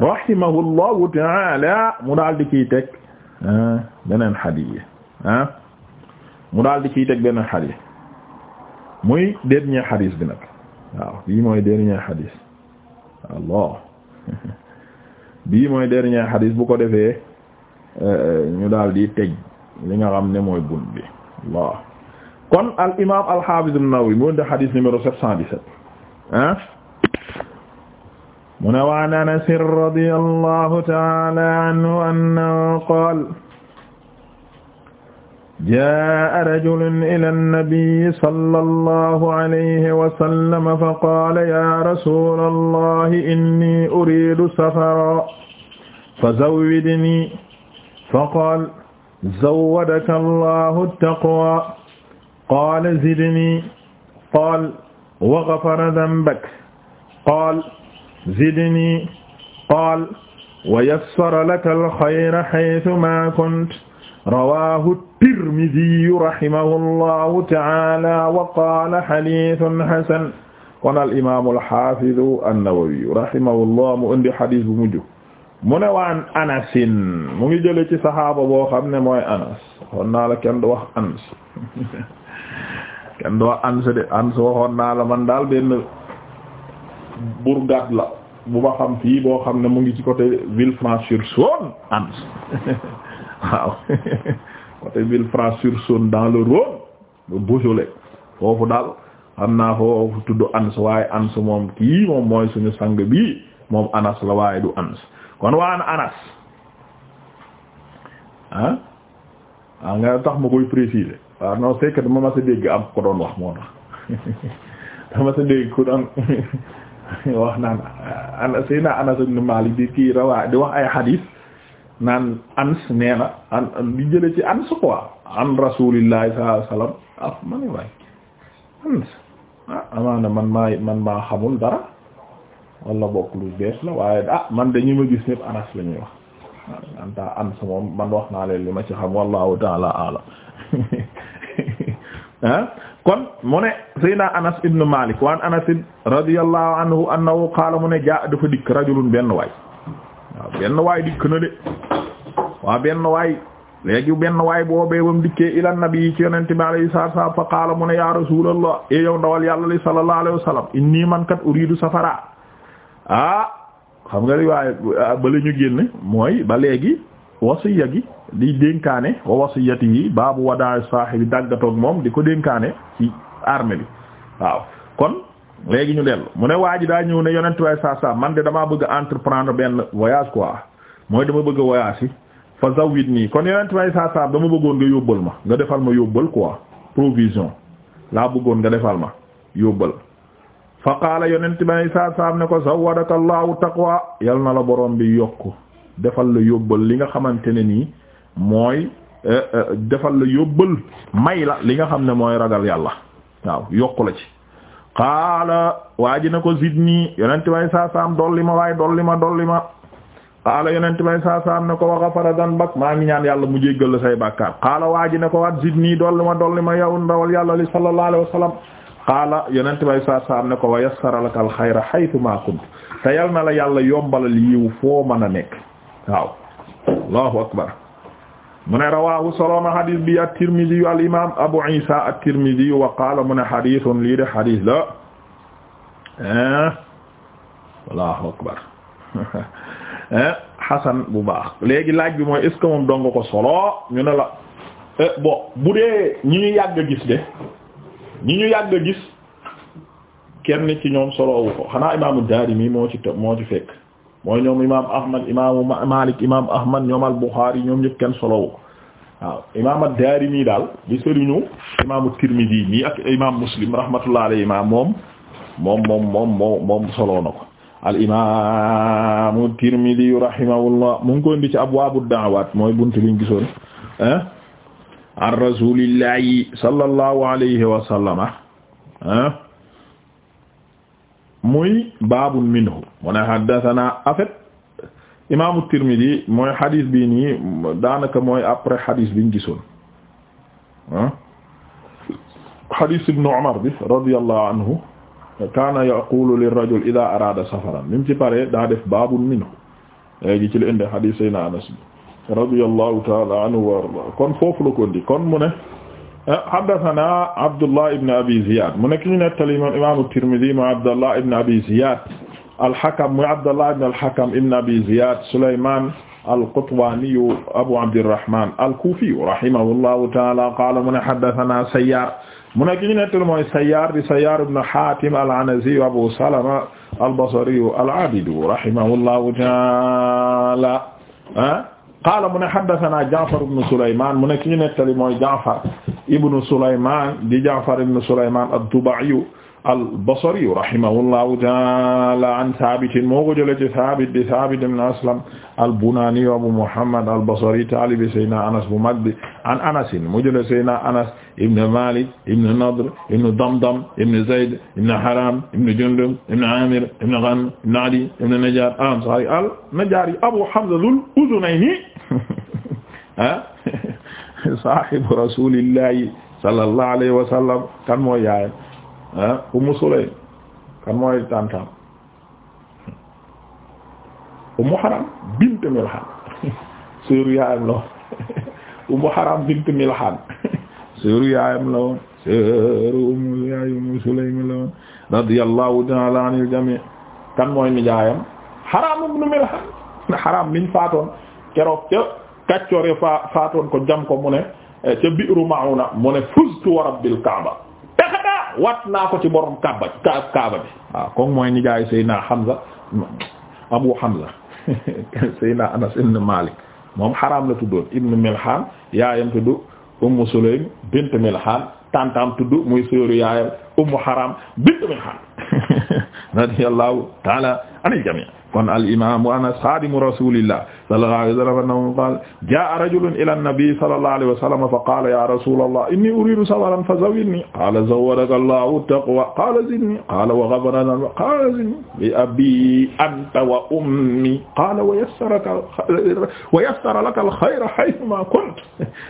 rahimahullahu taala mu daal di ciy teg ah, beneen xadiis ah mu daal di ciy teg beneen xadiis muy dernier xadiis bi nag waaw bii mooy dernier xadiis Allah bii mooy dernier xadiis bu ko defee eh, ñu daal di teg li nga xam ne mooy bun bi Allah kon al imaam al xaafiz an mu ngi xadiis numéro 717 ah. mu ne waan Anas radiyallahu ta'ala anhu annahu qaala jaa'a rajulun ilaa nabiyyi sallallahu alayhi wa sallam faqaala yaa rasuulallahi innii uriidu safaran fazawwijnii faqaala zawwadaka Allahu taqwaa qaala zidnii qaala wa ghafara dhanbaka qaala zidni qaal wa yassara laka alxayra haytuma kunt rawahu tirmidiyu rahimahu allahu taala wa qaala xaditun xasan kon al imamu alxafidu annawawiyu rahimahullah mu indi xadis bu mujj mu ne waan anasin mu ngi jële ci saxaaba boo xam ne mooy anas waxoon naa la kenn du wax ans kenn du wax ans de ans waxoon naa la man daal benn bourgade la bu ma xam fii boo xam ne mu ngi ci côté Villefranche-sur-Saône ans waaw côté Villefranche-sur-Saône dans le Rhône le Beaujolais foofu daal xam naa foofu tudd ans waaye ans moom kii moom mooy suñu sang bi moom anas la waaye du ans kon waan anas ah waaw nga tax ma koy préciser waaw ah, non c'est dama ma sa dégg am ko doon wax moo tax dama sa dégg ko doon wax naan ana sayna Anas ibn Malik di kii rawaa di wax ay xadiis naan ans nee na an di jële ci ans quoi an rasulillahi sallallahu alayhi wasallam ah ma ne ah, amaana man maa xamul dara wala bokk lu bees la waaye ah man dañu ma gis ñëpp anas la wax waaw en tant moom man wax naa leen li ma ci xam wallahu taala alam ah kon mu ne Seydina Anas ibn Malik waan Anas radiyallahu anhu annahu qaala mu ne jaa dafa dikk rajulun benn waay benn waay dikk na de waaw benn waay léegi benn waay boobee ba mu dikkee ila nabi ci yonente bi alayhi salaatu wa fa qaala mu ne ya rasulallah e yow ndawal yàlla li sallallahu alayhi wa man kat uridu safara ah xam nga li waaye ah, ñu génn mooy ba léegi wasiya gi di dénkaane wa wasiyatihi baabu wadaa saahibi dàggatoog moom di ko dénkaane ci armée bi waaw kon léegi ñu dellu mu ne waa ji daa ñëw ne yonent waaye saa man de damaa bëgg a entreprendre benn voyage quoi mooy dama bëgg a voyage yi fa zawid nii kon yonent waaye saa dama bëggoon nga yóbbal ma nga defal ma yóbbal quoi provision laa bëggoon nga defal ma yóbbal fa qaala yonent may saa saam ne ko zawadaka allahu taqwa yal na la borom bi yokk defal la yóbbal li nga xamante ne nii mooy eh, eh, defal la yóbbal may la li nga xam ne mooy ragal yàlla waaw yokku la ci qaala waa ji na ko zidni yonent bay saasaam dolli ma waaye dolli ma dolli ma qaala yonent bay saasaam ne ko wa ghafara dhanbak maa ngi ñaan yàlla mu jéggal la say bàkkaar qaala waa ji ne ko waat zidni dolli ma dolli ma yow ndawal yàlla li sallallahu alayhi wa sallam qaala yonent bay saasaam ne ko wa yassara laka alxayra haythu ma kunt te yal na la yàlla yombalal yiw foo a nekk mu ne solo soloona xadis bi at-Tirmidhi yu al imaam Abu Isa at-Tirmidhi yu wa qaala mu ne xadisun de xadis la Allahu akbar xasan bu baax léegi laaj bi mooy est ce que ko solo ñu ne la eh, bon bu dee ñi ñu yàgg gis de ñu ñu yàgg a gis kenn ci ñoom soloowu ko xanaa imaamu Daarimi moo ci moo ci fekk mooy ñoom imaam Ahmad imaamu Maalik imaam Ahmad ñoom al Buxaari ñoom ñëpp kenn solowu ko waaw imaam ad-Daarimi daal di sëriñu imaamu Tirmidi nii ak imaam Muslim rahmatullah alayhi imaam moom moom moom moom moom moom soloo na ko al imaamu Tirmidi rahimahullah mu ngi koy indi ci abwaabu da'awaat mooy bunt bi ñu gisoon ah an wa sallam ah muy baabun minhu mu ne haddathana afet imaamu Tirmidi mooy xadis bi nii daanaka mooy après xadis biñ gisoon ah xadis ibnu Umar bi radiyallahu anhu kaana yaqulu lirajul ida arada safaran mi mu ci paree daa def baabun minhu léegi ci la indi xadis sayna Anas bi radiyallahu taala anhu wa arda kon foofu la ko indi kon mu ne haddathana Abdullah ibn Abi Ziyad mu ne ki ñu nettali moom imaamu Tirmidi ma Abdullah ibn Abi Ziyad alxakam muy Abdallah ibn alxakam ibn abi Ziyad Souleymane alqutwaaniyu abu abdirrahman alkuufiyu rahimahullahu taala qaala mu ne haddasanaa Sayyaar mu ne ki ñu nettali mooy Sayyaar di Sayyaar ibn Haatim al-Anaziyu abu Salama albasariyu al-Aabidu rahimahullahu taala ah qaala mu ne haddasanaa Jaafar ibn Souleymane mu ne ki ñu nettali mooy Jaafar ibn Souleymane di Jaafar ibn Souleymane ad-Duba'iyu al-Basri rahimahullahu ta'ala an Thabit moo ko jëlee ci Thabit di Thabit ibn Aslam al-Bunani Abu Muhammad al-Basri taalibi Seydina Anas bu mag bi an Anas mu jëlee Seydina Anas ibn Malik ibn Nadr ibn Damdam ibn Zayd ibn Haram ibn Jundub ibn Amir ibn Ghanm ibn Adi ibn Najjar al-Ansari ah, al-Najjari Abu Hamza dhul-Udhunayni sahibu ah, rasulillahi sallallahu alayhi wa sallam kan mooy yaayam ah Ummu Sulaym kan mooy tantam Ummu Haram bint Milhan seeru yaayam la woon Ummu bint Milhan seeru yaayam la woon seeru Ummu yaayu Ummu Sulaym la woon radiyallahu kan mooy nijaayam Haram ibn Milhan Haram miñ faatoon keroog ca kàccoor ya faatoon ko jam ko mu ne eh, ca Bi'ru Ma'una mu ne fuztu wa rabbil Kaaba wat naa ko ci borom kaaba kaaba bi waaw kon mooy nijaayu Seydina Hamza Abu Hamza Seydina Anas ibn Malik moom Haram la tuddoon ibn Milhan yaayam tudd Ummu Sulaym bint Milhan tantam tudd muy sóoru yaayam Ummu Haram bint Milhan radiyallahu ta'ala anil jami' kon al imamu anas khadimu rasulillah sallallahu alayhi wa sallam annahu qala jaa rajulun ila an-nabi sallallahu alayhi wa sallam fa qala ya rasulallah inni uridu sawaran fa zawwidni qala zawwadaka allahu taqwa qala zidni qala wa ghafara lana qala zidni bi abi anta wa ummi qala wa yassaraka wa yassara laka al-khayra haythuma kunta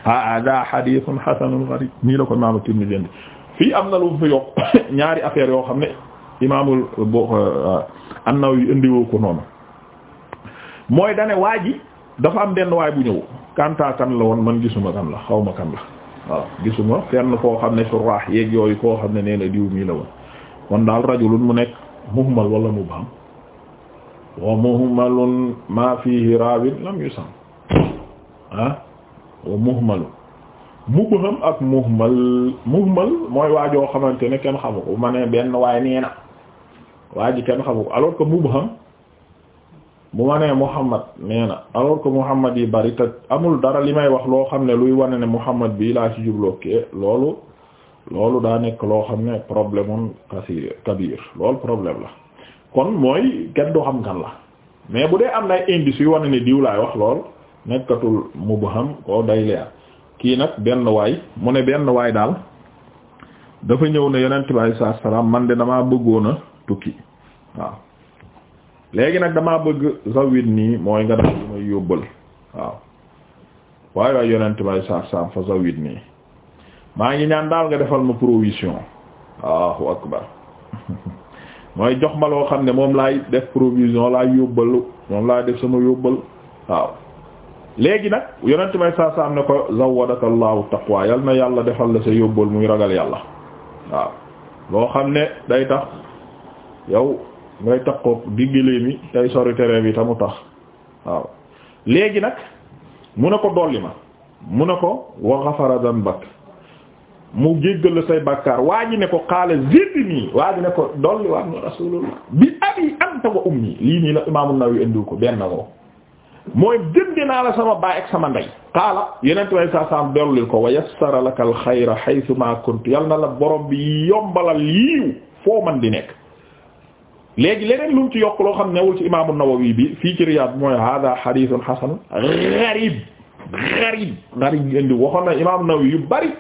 hadha hadithun hasanun gharib nii la ko imam Tirmidhi fii am na lu fi yokk ñaari affaire yoo xam ne imamul An-Nawawi indiwoo noonu mooy dane waa ji dafa am benn waay bu ñëw kanta la woon man gisuma kan la xawma kan la waaw gisuma fenn koo xam ne surah yeeg yooyu koo xam ne nee na diw mii la woon kon daal rajulun mu nekk muhmal wala muhmalun ma fihi raawin lam yusam ah wa muhmalun mubham ak muhmal muhmal mooy waajoo xamante ne kenn xamu ko ma ne benn waay nee waa ji kenn xamu ko alors que mubham bu ma nee Muhammad nee na alors Muhammad yi bari te amul dara li may wax loo xam ne luy wane ne Muhammad bii laa ci jubloo kee loolu loolu daa nekk loo xam ne problème un kasi kabir loolu problème la kon mooy kenn du xam kan la mais bu dee am nay indice yu wane ne diw wax lool nekkatul mubham ko day leer kii nag benn waay mu ne benn waay daal dafa ñëw ne yonent bi sallallahu alayhi wasallam man de damaa bëggoona tukki waaw léegi nag damaa bëgg zawit nii mooy nga dax lu yóbbal waaw waaye waaye yonent may saar fa zawit nii maa ngi ñaan daal nga defal ma provision waaw akbar mooy jox ma loo xam ne moom laay def provision laay yóbbalu moom laay def sama yóbbal waaw léegi nag yonent may saar saam ne ko zawadaka allahu yal na yàlla defal la sa yóbbal muy ragal yàlla waaw loo xam ne day tax yow ngay takkoog diggalee mi tey sori tamu tax waaw léegi nag mu ne ko dolli ma mu ne ko wa ghafara dhanbak mu jéggal la say bàkkaar waa ji ne ko qaala zidni waa ji ne ko dolli waat na rasulullah bi abi anta wa ummi lii nii la imaamu Nawawi indiw ko benn ko mooy jënde naa la sama baay ak sama ndey qaala yenente way saa saam ko wa yassara laka al xayra ma kuntu yal na la borom bi yombalal yiiw foo man di nekk léegi leneen lu mu ci yokk loo xam newul ci imaamu Nawawi bi fii ci Riyaad mooy hada hadithun hasan gharib gharib gharib gi indi waxoon na imaamu Nawawi yu bari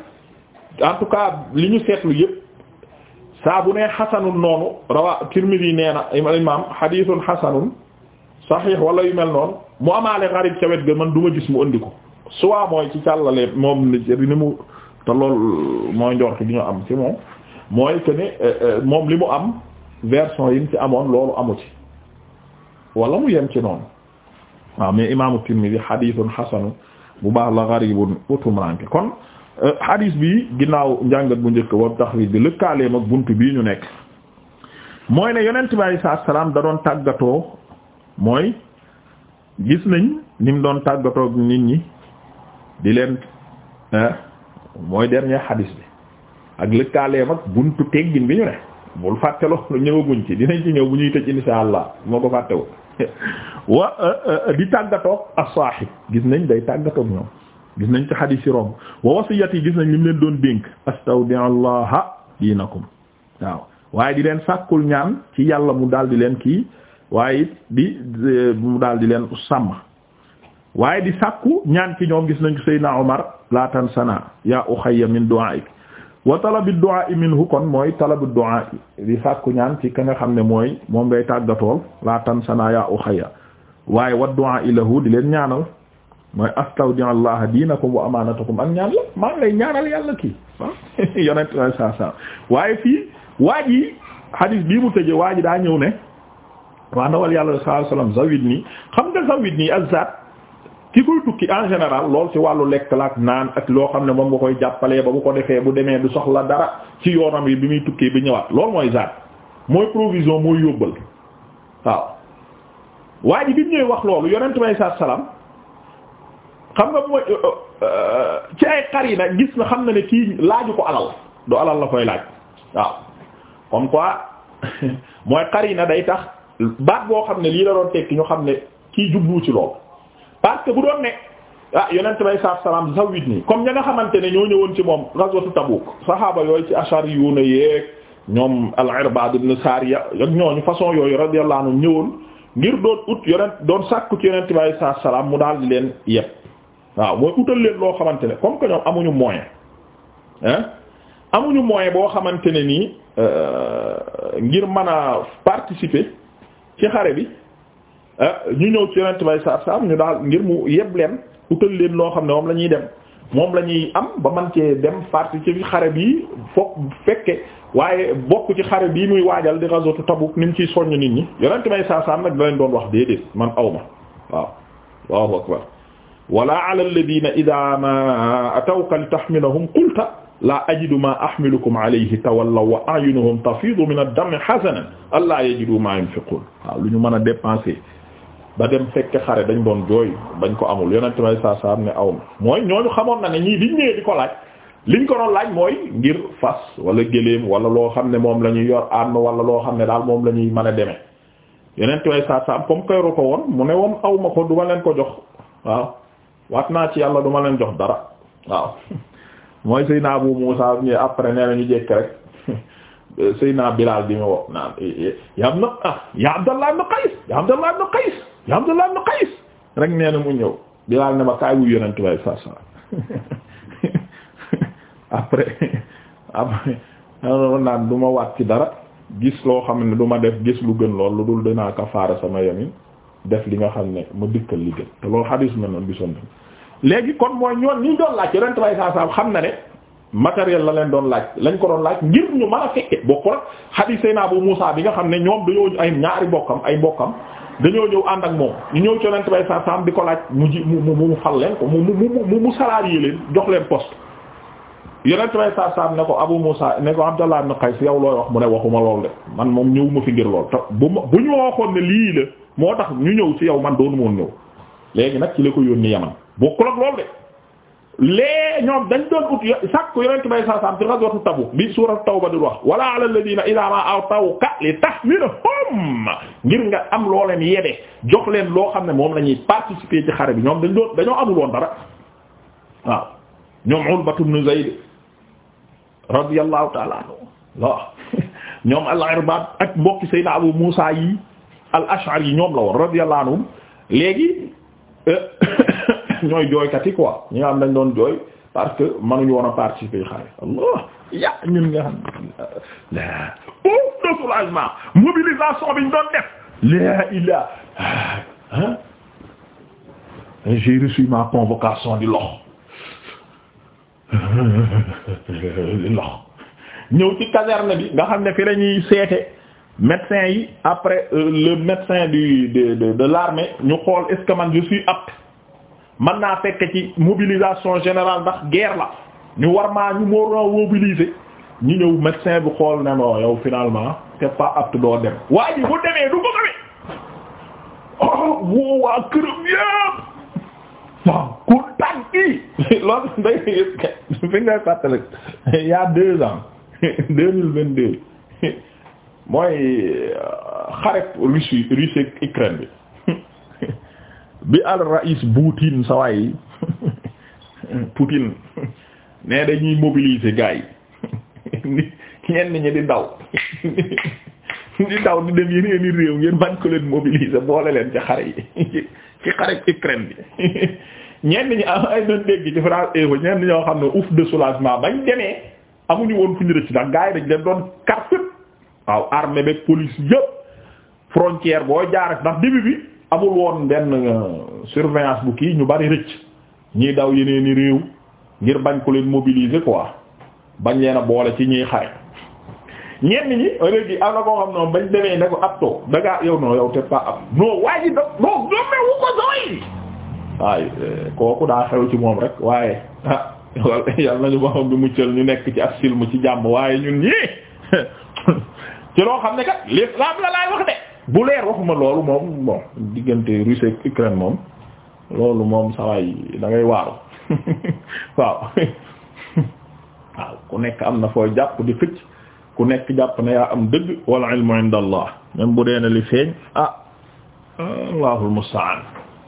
en li ñu seetlu yëpp saa bu nee hasanun noonu rawa Tirmidhi nee na imaam hadithun hasanun sahih wala yu mel noonu mu amaale gharib ca wet ga man du ma gis mu indi ko soit mooy ci càllale moom ni mu te lool mooy njort bi ñu am ci moom mooy que ne eh, eh, moom li mu am. version yi mu ci amoon loolu amu ci wala mu yem ci noonu waaw mais imaamu Tirmidhi hadithun hasanu bu baax la gharibun utumranke kon euh, hadith bi ginnaaw njàngat bu njëkk wa taxrij bi lëkkaaleem ak bunt bii ñu nekk mooy ne yonent bi alayhi salaam da doon tàggatoo mooy gis nañ ni doon tàggatoo nit ñi di leen euh, mooy dernier hadith bi ak lëkkaaleem ak buntu teggin bi ñu ne bul fàtte loolu ñëwaguñ ci dinañ ci ñëw bu ñuy tëj insha allah moo ko fàttewu wa euh, euh, euh, di tàggatoog as-sahib gis nañ day tàggatoog ñoom gis nañ ci xadiis yi romb wa yi gis nañ lim leen doon dénk astawdi'allaha diinakum waaw waaye di leen sàkkul ñaan ci yàlla mu daal di leen kii waaye it di mu daal di leen sàmm waaye di sàkku ñaan ci ñoom gis nañ ko Seydina Omar la tansana ya ukhayya min du'aik wa talabi du'a minhu kon mooy talabu du'a di sàkku ñaan ci nga xam ne mooy moom ngay tàggatool la tan sana ya ukhayya waaye wa du'a ilahu di leen ñaanal mooy astawdi allah diinakum wa amanatakum ak ñaan la maa ngi lay ñaanal yàlla kii ah yonent waaye fii waa ji hadis bii mu tëjee waa ji daa ñëw ne waa ndawal yàlla sallallahu alayhi wasallam xam nga zawid nii azat ki koy tukki en général lool ci wàllu lekk la ak naan ak loo xam ne moom nga koy jàppalee ba bu ko defee bu demee du soxla dara ci yoonam yi bi muy tukkee bi ñëwaat loolu mooy zaat mooy provision mooy yóbbal waaw. ji bi ñuy wax loolu yonent bi saa salaam xam nga mooy euh, euh, ci ay qarina gis na xam na ne kii laaju ko alal du alal la koy laaj waaw comme quoi mooy na day tax baat boo xam ne lii la doon tekki ñu xam ne kii jublu ci loolu. parce que bu doon ne ah yonent bay saaf salaam zawid nii comme ña nga xamante ne ñoo ñëwoon ci moom ghazwatu Tabuk saxaaba yooyu ci ashari yu ne yeeg ñoom al-Irbad ibn Sariya ak ñooñu façon yooyu radiyallahu anhu ñëwoon ngir doon ut yonent doon sàkku ci yonent bay saaf salaam mu daal di leen yeb waaw mooy utal leen loo xamante ne comme que ñoom amuñu moyen hein amuñu moyen boo xamante ne nii euh, ngir mën a participer ci xare bi. Ah ñu ñëw ci yonent bay saab saab ñu daal ngir mu yeb leen utal leen loo xam ne moom la ñuy dem moom la ñuy am ba man cee dem parti ci xare bi fokk fekke waaye bokk ci xare bii muy waajal di ghazwatu Tabuk ni mu ciy soññ nit ñi yonent bay saab saab nag da leen doon wax déedéet man awma waaw Allahu akbar wala ala alladhina idha ma atawka litahmilahum qulta la ajidu ma ahmilukum alayhi tawallaw wa a'yunuhum tafidu min ad-dami hazanan alla yajidu ma yunfiqun waaw lu ñu mën a dépenser ba dem fekk xare dañ doon jooy bañ ko amul yeneen yonent may saa saa am ne aw mooy ñooñu xamoon na ne ñii biñ ñëwee di ko laaj liñ ko doon laaj mooy ngir fas wala géléem wala loo xam ne moom la ñuy yor ànd wala loo xam ne daal moom la ñuy mën a demee yonent may saa saa am comme que yoru ko woon mu ne woon aw ma ko du ma leen ko jox waaw waat naa ci yàlla duma leen jox dara waaw mooy naa Abu Muusa ñëwee après nee na ñu jekk rek. Seydina Bilal di ma wax naan yaa na ah yaa Abdallah ibn Qays yaa Abdallah ibn Qays yaa Abdallah ibn Qays rek nee na mu ñëw Bilal ne ma kaay wu yonent bay sa sa après après naan du ma waat ci dara gis loo xam ne du ma def gis lu gën lool lu dul dinaa kafaara sama yamin def li nga xam ne ma dikkal li gën léegi kon mooy ñoon ñi doon laaj yonent bay sa sa xam na ne matériel la leen doon laaj lañ ko doon laaj ngir ñu mën a fekke bokkul ak hadith sayna Abu Musa bi nga xam ne ñoom dañoo ay ñaari bokkam ay bokkam dañoo ñëw ànd ak moom ñu ñëw coono bay sa sam di ko laaj mu ji mu mu fal ko mu mu mu salarié jox leen poste. yonent bay sa sam ne ko Abu Musa ne ko Abdallah ibn Qays yow looy wax mu ne waxuma lool de man moom ñëw ma fi ngir lool te bu ma bu ñu ne lii la moo tax ñu ñëw ci yow man doonu moon ñëw léegi nag ci la ko yónni Yaman bokkul ak lool de. lee ñoom dañ doon ut sàkku yonent bay saa saam ci ghazwatu bi suuratu Tawba di wax wala ala alladina ida ma atawka li tahmilhum ngir nga am loo leen yede jox leen loo xam ne moom la ñuy participer ci xare bi ñoom dañ doon dañoo amul woon dara waaw ñoom Ulbatu ibn Zayd radiyallahu ta'ala anhu waaw ñoom al-Irbad ak mbokki Seydina Abu Musa yi al yi ñoom la woon radiyallahu anhum léegi euh, ñooy jooykat yi quoi ñi nga xam dañ doon jooy parce que mënuñu woon a participer xare allah ya ñun nga xam la pouf de soulagement mobilisation bi ñu doon def la ila ah j'ai reçu ma convocation di lox di lox ñëw ci caserne bi nga xam ne fi lañuy seete médecin yi après euh, le médecin du de de de ñu xool est-ce que man je suis man naa fekk ci mobilisation général ndax guerre la ñu war maa ñu moo mobiliser ñu ñëw médecin bu xool ne non yow finalement c'est pas apte doo dem waa ji bu demee du ko xamee oh woo waa këram yëpp waaw ku tànki loolu day fi ngay fàttali il y deux ans deux mille vingt deux mooy euh, xaret Russie Russie Ukraine bi bi al rais Poutine sa waay Poutine ne dañuy mobiliser gars yi ñenn ñi di ndaw daw di daw di dem yeneen i réew ngeen man ko leen mobiliser boole leen ci xare yi ci xare Ukraine bi ñenn ñi am ah ay doon dégg ci France Info ñenn ñoo xam ne ouf de solagement bañ demee amuñu woon fu ñu rëcc ndax gars yi dañ leen doon kar fépp waaw armée beeg police yëpp frontière boo jaar ndax début bi amul woon benn euh, surveillance bu kii ñu bari rëcc ñiy daw yeneeni réew ngir bañ ko leen mobiliser quoi bañ leen a boole ci ñiy xare ñenn ñi am na koo xam noonu bañ demee ne ko ab too dangaa yow non yow te pas ab non waa ji do ko sooy waaye euh, kooku daa xew ci moom rek waaye ah yàlla nañu borom bi muccal ñu nekk ci ak silmu ci jàmm waaye ñun ñii ci loo xam ne kat l'islam la laay wax de bu leer waxuma loolu moom bon diggante Russie ak Ukraine moom loolu moom sawaay dangay waaru waaw waaw ku nekk am na fooy jàpp di xëcc ku nekk jàpp na yaa am dëgg wal ilmu inda allah même bu dee ne li feeñ ah allahul musta'an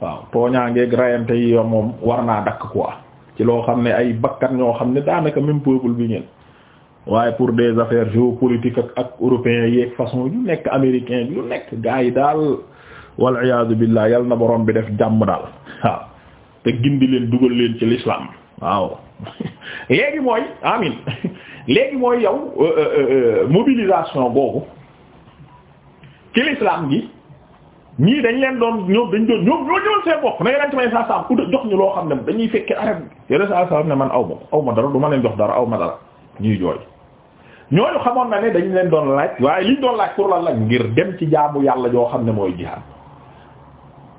waaw tooñaangeeg rayante yi moom war naa dakk quoi ci loo xam ne ay bakkan ñoo xam ne daanaka même peuple bi ngeen waaye pour des affaires géopolitiques ak ak européens yeeg façon yu nekk americain yu nekk gaa yi daal wal iyaadu billah yal na boroom bi def jàmm daal te gin gindi leen dugal leen ci lislaam waaw léegi mooy amin léegi mooy yow euh, euh, euh, mobilisation boobu ci l'islam gi ñii dañ leen doon ñoom dañ doon ñoom ñoo ñëwoon jox ñu loo xam ne dañuy fekke arab yonent ne man aw ma aw dara du ma leen jox dara aw ma dara ñuy jooy ñooñu xamoon na ne dañ leen doon laaj waaye liñ doon laaj pour lan la ngir dem ci jaamu yàlla joo xam ne mooy jihaad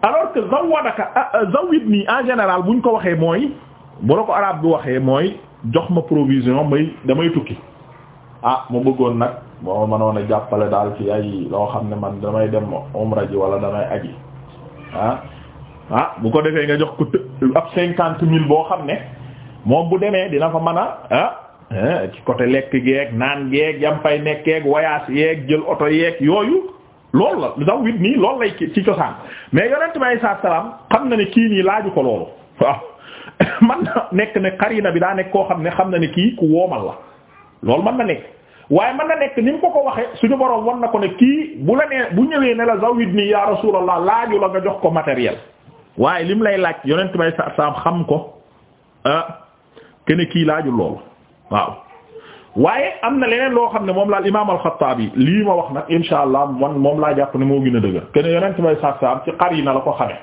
alors que zawadaka ah, ah, zawid nii en général buñ ko waxee mooy bu la ko arabe bi waxee mooy jox ma provision may damay tukki ah mu bëggoon nag moo mënoon a jàppale daal ci ay loo xam ne man damay dem umra ji wala damay aji ah ah bu ko defee nga jox ko të ab cinquante mille boo xam ne moo bu demee dina fa mën a ah, Eh, ci côté lekk geeg naan geeg yam fay nekkeeg voyage yeeg jël oto yeeg yooyu loolu la daw wit nii loolu lay ci cosaan mais yonent bi saa salaam xam na ne kii nii laaju ko loolu waaw na nekk bi daa nekk koo xam ne xam na ne kii ku woomal la loolu mën na nekk waaye mën na nekk ni mu ko ko waxee suñu borom war na ko ne kii bu la nee bu ñëwee ne la zawid nii ya rasulallah laaju la nga jox ko matériel waaye li lim lay laaj yonent bay sa saam xam ko ah kene kii laaju loolu waaw waaye am na leneen loo xam ne moom laal imaam al-Xattaabi lii ma wax nag insha allah man moom laa jàpp ne moo gën a dëgër kene yonent may saab ci xar yi na la ko xame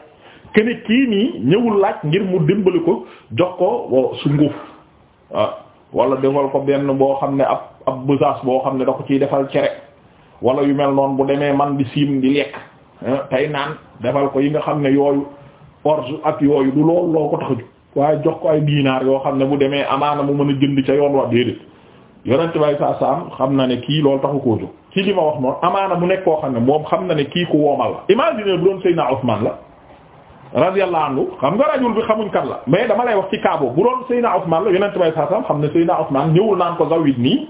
kene kii nii ñëwul laaj ngir mu dimbali ko jox ko sunguf ah wala defal ko benn boo xam ne ab ab boo xam ne da ko ciy defal cere wala yu mel noonu bu demee man di siim di lekk ah, tey naan defal ko yi nga xam ne yooyu orge ak yooyu du loolu loo ko tax a waaye jox ko ay diinaar yoo xam ne bu demee amaana mu mën a jënd ca yoon wa déedéet yonent bay saa xam na ne kii loolu taxu koo jóg ci li ma wax noonu amaana mu nekk koo xam ne moom xam na ne kii ku woomal la imagine bu doon Seydina Ousmane la radiyallahu anhu xam nga rajul bi xamuñ kan la mais dama lay wax ci kaabo bu doon Seydina Ousmane la yonent bay saa saam xam ne Seydina Ousmane ñëwul naan ko zawit nii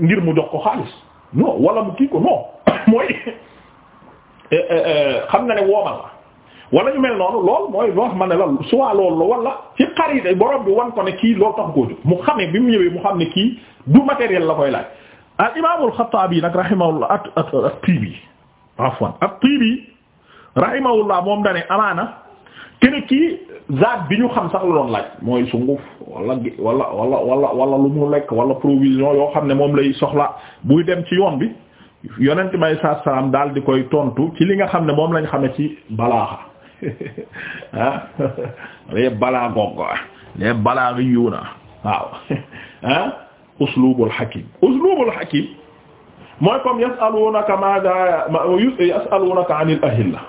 ngir mu jox ko xaalis non wala mu kii ko non mooy eh, eh, eh, xam na ne woomal wala ñu mel noonu lool mooy wax ma ne la soit loolu la wala ci xarit borom bi wan ko ne kii loolu tax koo jóg mu xamee bi mu ñëwee mu xam ne kii du matériel la koy laaj al imaamul Xattaabi nag rahimahullah at at at Tiibi afwan at Tiibi rahimahullah moom dane amaana kene kii zaat bi ñu xam sax la doon laaj mooy sunguf wala wala wala wala wala lu mu lekk wala provision yoo xam ne moom lay soxla buy dem ci yoon bi yonent may saa salaam daal di koy tontu ci li nga xam ne moom lañ xame ci balaaxa ah les balaagoog les balaaghiyuuna waaw ah uslubul hakim uslubul hakim mooy comme yasaluunaka maada yasaluunaka anil ahilla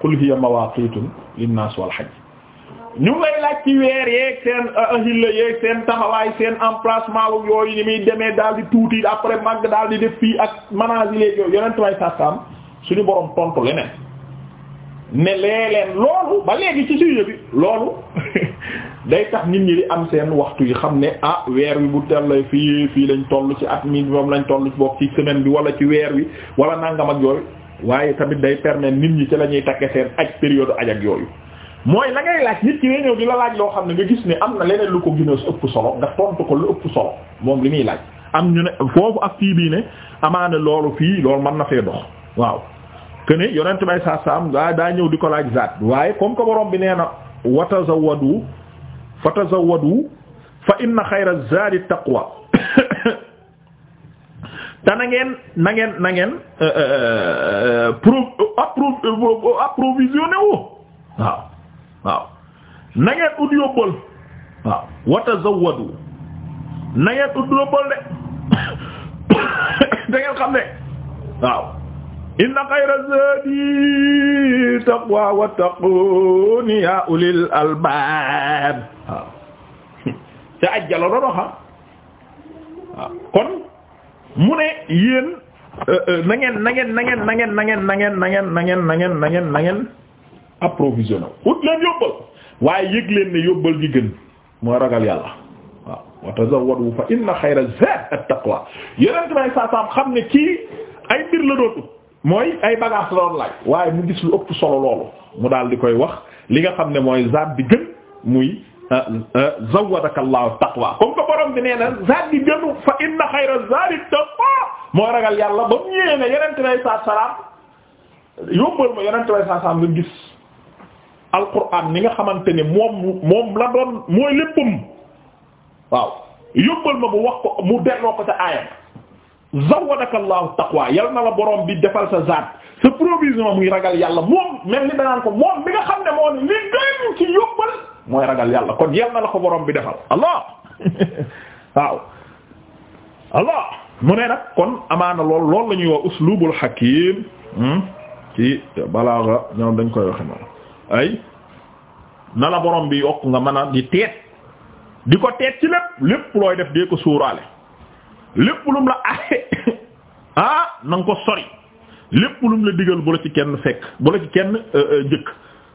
qul hiya mawaaqiitun linnaas wal hajj ñu ngay laaj ci weer yeeg seen ah, ahilla yeeg seen taxawaay seen emplacement wu yooyu ni muy après màgg daal di def fii ak manazil yooyu yeneen tubaab yi sax suñu borom tontu ne lee leen loolu ba léegi ci sujet bi loolu day tax nit ñi di am seen waxtu yi xam ne ah weer wi bu tell fii fii lañ toll ci at mi moom lañ toll ci bokk ci semaine bi wala ci weer wi wala nangam ak yooyu waaye tamit day permettre nit ñi ci la ñuy takke seen aj période aj ak yooyu mooy la ngay laaj nit ki day ñëw di la laaj loo xam ne nga gis ne am na leneen lu ko gën ëpp solo nga tontu ko lu ëpp solo moom li muy laaj am ñu foofu ak bii ne loolu fii loolu mën na fee dox waaw que ne yonent bay saa saam daa daa ñëw di ko laaj zaat waaye comme que borom bi nee na watazawadu fatazawadu fa inna xayra zaadi taqwa te na ngeen na ngeen na ngeen euh, euh, euh, pro waaw waaw na ngeen ut waaw watazawadu na ngeen ut de da xam ne waaw. inna xayra zaadi taqwa wattaquni yaa ulil albaab waaw ca ajjalo doon waxa kon mu ne yéen na ngeen nangeen ngeen na ngeen na ngeen na ngeen na ngeen na ngeen na ngeen na ngeen na ngeen na ut leen yóbbal waaye yëg leen ne yóbbal gi gën mooy ragal yàlla waaw wa tazawwadu fa inna xayra zaadi at-taqwa yeneen may saasaam xam ne kii ay mbir la doon mooy ay bagages la doon laaj waaye mu gis lu ëpp solo loolu mu daal di koy wax li nga xam ne mooy zaat bi gën muy euh, euh, zawadaka Allahu taqwa comme que borom bi nee na zaat bi gënu fa inna xayra zaadi taqwa moo ragal yàlla ba mu ñëwee ne yonent bi saa salaam yóbbal ma yonent bi saa salaam nga gis. alquran ni nga xamante ne moom moom la doon mooy léppam waaw yóbbal ma bu wax ko mu delloo ko ca aayam. zawadaka allahu taqwa yal na la borom bi defal sa zaat sa provision muy ragal yàlla moom mel ni danaan ko moom bi nga xam ne moo ni li gën ci yóbbal mooy ragal yàlla kon yal na la ko borom bi defal allah waaw allah mu ne nag kon amaana lool loolu la ñuy wax uslubul hakim hmm? ci balaaga ñoom dañ koy waxe ay na la borom bi yokk nga mën a di teet di ko teet ci lépp lépp looy def dee ko suuraale lépp lum la axe ah na nga ko sori lépp lum la digal bu la ci kenn fekk bu la ci kenn euh, euh, jëkk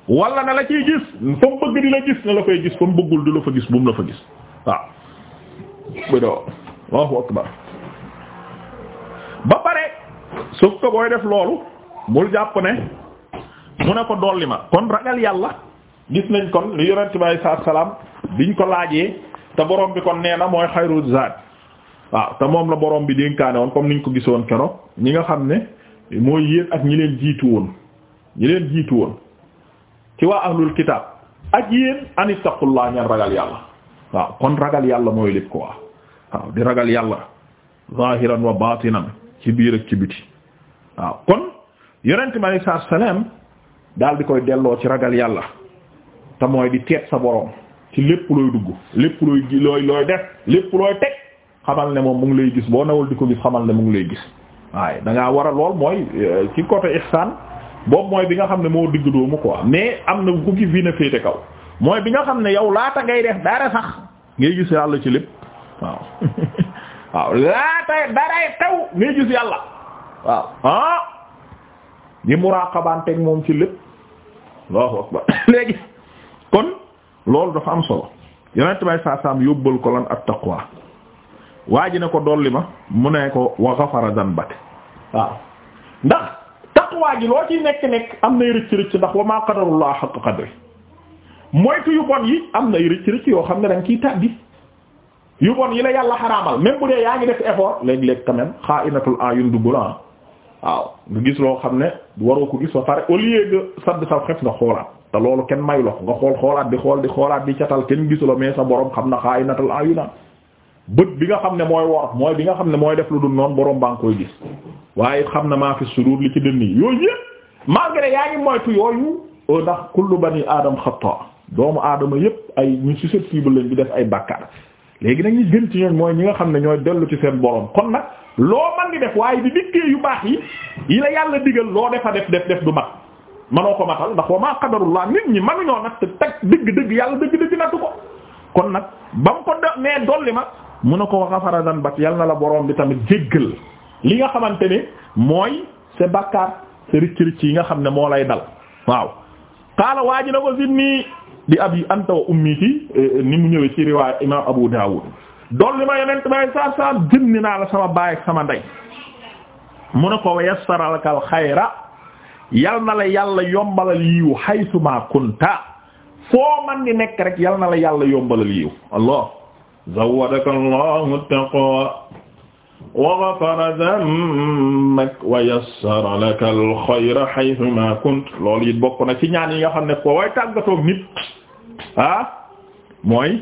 walla na la ciy gis fa bëgg di la gis na la koy gis fa bëggul di la fa gis bu mu la fa gis waaw bu doo ba pare suuf ko booy def loolu bul jàpp ne mu ne ko dolli ma kon ragal yàlla gis nañ kon lu yonent bi sallallahu alayhi wasallam biñ ko laajee te borom bi kon nee na mooy xayru zaad waaw te moom la boroom bi dénkaane woon comme niñ ko gisoon keroog ñi nga xam ne mooy yéen ak ñi leen jiitu woon ñi leen jiitu woon ci waa ahlul kitab ak yéen an ittaqullah ñan ragal yàlla waaw kon ragal yàlla mooy lépp ko waaw di ragal yàlla zahiran wa batinan ci biir ak ci biti waaw kon yonent bi salaam daal di koy delloo ci ragal yàlla te mooy di teet sa borom ci lépp looy dugg lépp looy looy def lépp looy teg xamal ne moom mu ngi lay gis boo nawul di ko gis xamal ne mu ngi lay gis waaye da war a lool mooy euh, ci côté ihsan boobu mooy bi nga xam ne moo digg doomu quoi mais am na ku ki na féete kaw mooy bi nga xam ne yow laata ngay def dara sax ngay gis yàlla ci lépp waaw laata daray taw ngay gis yàlla waaw ah ñi muraqabanteeg moom ci lépp léegi kon loolu dafa am solo yonent bay saa saam yóbbal ko lan at taqwa waa ji ne ko dolli ma mu ne ko wa ghafara dhanbak waaw ndax taqwa ji loo ci nekk nekk am na nay rëcc rëcc ndax wa ma qadarullah haqqa qadri moytu yu bon yi am nay rëcc rëcc yoo xam ne da nga ciy tàbbi yu bon yi la yàlla xaraamal même bu dee yaa ngi def effort lekk léeg quand xaa xaa'inatul a'yun duburan waaw nga gis loo xam ne waroo ko gis ba pare au lieu de sadd xef nga xoolaat te loolu kenn mayu la nga xool xoolaat di xool di xoolaat di catal kenn gisuloo mais sa borom xam na xaa'inatul a'yun bët bi nga xam ne mooy wor mooy bi nga xam ne mooy def lu dul noonu boroom baa ngi koy gis waaye xam na maa fi sudur li ci dënn yi yooyu yëpp malgré yaa ngi moytu yooyu ndax kullu bani aadam xata doomu aadama yëpp ay ñu susceptible lañ bi def ay bàkkaar léegi nag ñi gën ci ñoom mooy ñi nga xam ne ñooy dellu ci seen borom kon nag loo man di def waaye di dikkee yu baax yi yi la yàlla digal loo defa def def def du mat manoo ko matal ndax wa maa qadarullah nit ñi manuñoo nag te teg dëgg dëgg yàlla dëgg dëgg ko kon nag ba mu ma mu ne ko wa ghafara zanbak yal na la borom bi tamit jéggal li nga xamante ni mooy sa bàkkaar sa ricc-ricc yi nga xam ne moo lay dal waaw qaala waa ji na ko zidni bi abi anta wa ummi ci eh, ni mu ñëwee ci riwaaya imam abu dawud dool li ma yonent bay sa sam naa la sama baay ak sama ndey mu ne ko yassaralakal xayra yal na la yàlla yombalal yiwu haytuma kunta foo man di nekk rek yal na la yàlla yombalal yiw allah zawadaka allahu taqwa wa ghafara dhanbak wa yassara laka alxayra haythuma kunt loolu it bokk na ci ñaan yi nga xam ne ko way tàggatoog nit ah mooy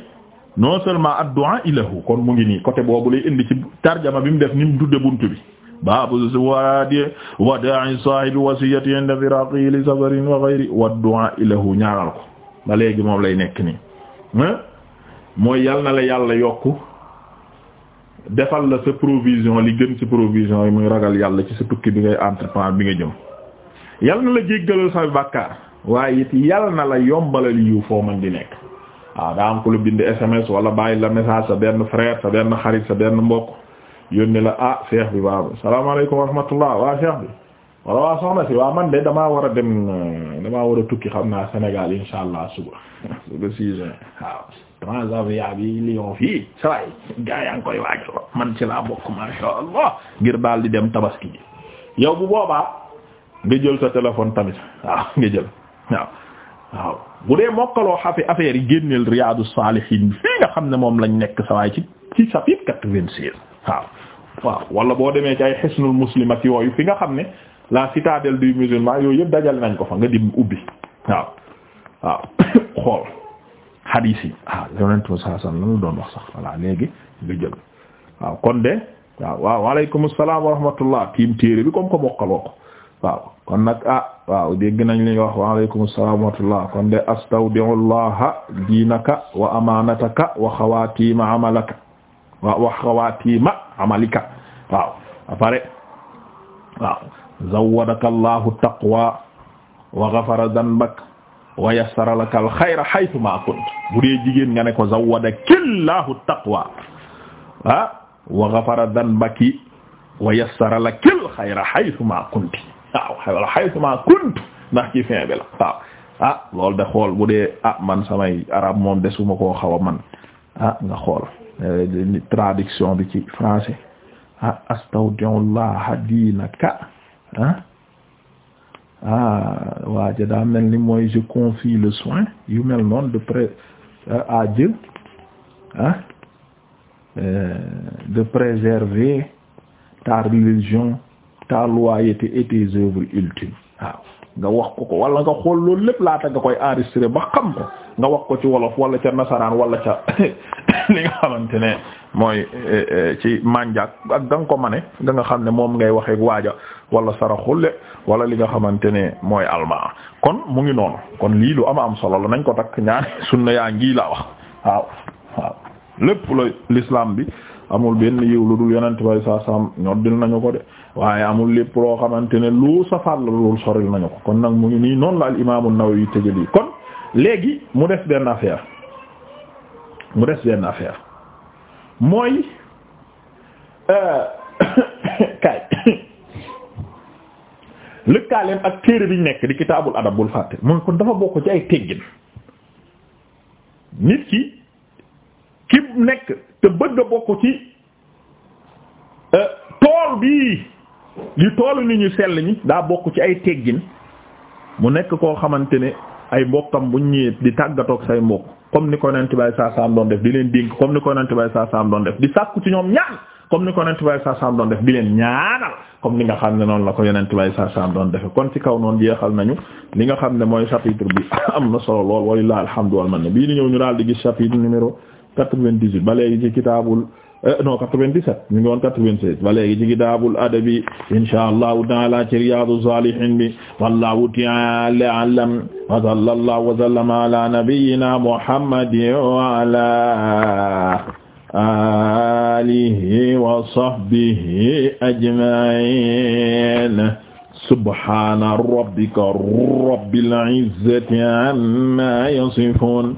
non seulement ad-du'a ilahu kon mu ngi nii côté boobu lay indi ci tarjama bi mu def ni mu tudde buntu bi baabu zawaadi wadaa'i saahibi wasiyati inda firaqihi li safarin wa ghayri wa ad-du'a ilahu ñaanal ko ba léegi moom lay nekk nii mooy yal na la yàlla yokk defal la sa provision li gën ci provision yi muy ragal yàlla ci sa tukki bi ngay entreprendre bi nga jëm yal na la jéggalal sa bàkkaar waaye it yal na la yombalal yiw foo man di nekk waaw ah, daa am ko la bind SMS wala bàyyi la message sa benn frère sa benn xarit sa benn mbokk yónni la ah cheikh bi baabu salaamaaleykum wa rahmatullah waa cheikh bi wala waa soxna si waa man de damaa war a dem euh, damaa war a tukki xam naa Sénégal insha allah suba Transavia bi Lyon fii saway gaa yaa ngi koy waajal man ci laa bokk masha Allah ngir daal di dem tabaski yow bu boobaa nga jël sa téléphone tamit waaw nga jël waaw waaw bu dee mokkaloo xafe affaire yi génneel Riyadu Salihin fii nga xam ne moom lañ nekk sawaay ci ci chapitre quatre waaw waaw wala boo demee ci ay Hisnul Muslim ak yooyu fi nga xam ne la citadelle du musulman yooyu yëpp dajale nañ ko fa nga dim ubbi waaw waaw xool hadis yi ah yonentu saa san lan la doon wax sax voilà léegi nga jël waaw kon de wa rahmatullah ah, wax waaleykum salaam wa rahmatullah kon de astawdi'ullaha diinaka wa amaanataka wa xawaatiima apare waaw zawwadaka allahu taqwa wa ghafara dhanbak wa yassara laka al xayra haythu ma kunt bu dee jigéen nga ne ko zawwada killahu taqwa ah wa ghafara dhanbaki wa yassara laka al xayra haythu ma kunti waaw haythu ma kunt ndax ci fin bi la waaw ah loolu de xool bu dee ah man samay arab moom desuma koo xaw a man ah nga xool eh, traduction bi ci français ah astawdi'ullaha diinaka ah ah waa ja daa mel ni mooy je confie le soin yu mel noonu de près euh, à Dieu ah euh, de préserver ta religion ta loyauté et tes œuvres ultimes nga wax ko ko wala nga xool loolu lépp laata nga koy enregistré ba xam ko nga wax ko ci wolof wala ca nasaraan wala ca li nga xamante ne mooy eh, eh, ci manjak ak da nga ko mane da nga xam ne moom ngay waxee waaja wala saraxulle wala li nga xamante ne mooy almaa kon mu ngi noonu kon lii lu ama am solo la nañ ko takk ñaari sunna yaa ngi laa wax waaw waaw lépp la l'islam bi amul benn yiw lu dul yonent bay saa sam ñoddil nañu ko de waaye amul lépp loo xamante ne lu safal la loolu soril nañu ko kon nag mu ngi nii noonu la al imaamu An-Nawawi tëjëli kon léegi mu des benn affaire mu des benn affaire mooy euh, kaay lëkkaaleem ak téere biñ nekk di kitaabul adab bul fàtte mooy kon dafa bokk ci ay teggin nit ki ki nekk te bëgg a bokk ci euh, tool bii li toolu ni ñu sell ñi daa bokk ci ay teggin mu nekk koo xamante ne ay mbokkam bu ñëwee di tàggatoog say mbokk comme ni ko nent bay saa saam doon def di leen dénk comme ni ko nent bay saa doon def di sàkku ci ñoom ñaan comme ni ko yonent bay saa doon def di leen ñaanal comme ni nga xam ne noonu la ko yonent bay saa saam doon defe kon ci kaw noonu jeexal nañu li nga xam ne mooy chapitre bi am na solo lool walillahi alhamdu wal bii ñëw ñu daal di gis chapitre numéro 98 ba léegi ci kitaabul euh, non 97 ñu ngi woon 96 ba léegi ci kitaabul adabi inshaa Allahu ta'ala ci Riyaadu Saalihiin bi wallahu ta'ala a'lam wa sallallahu wa sallama ala nabiyyina Muhammadin wa ala alihi wa sahbihi ajma'in subhana rabbika rabbil izzati amma yasifun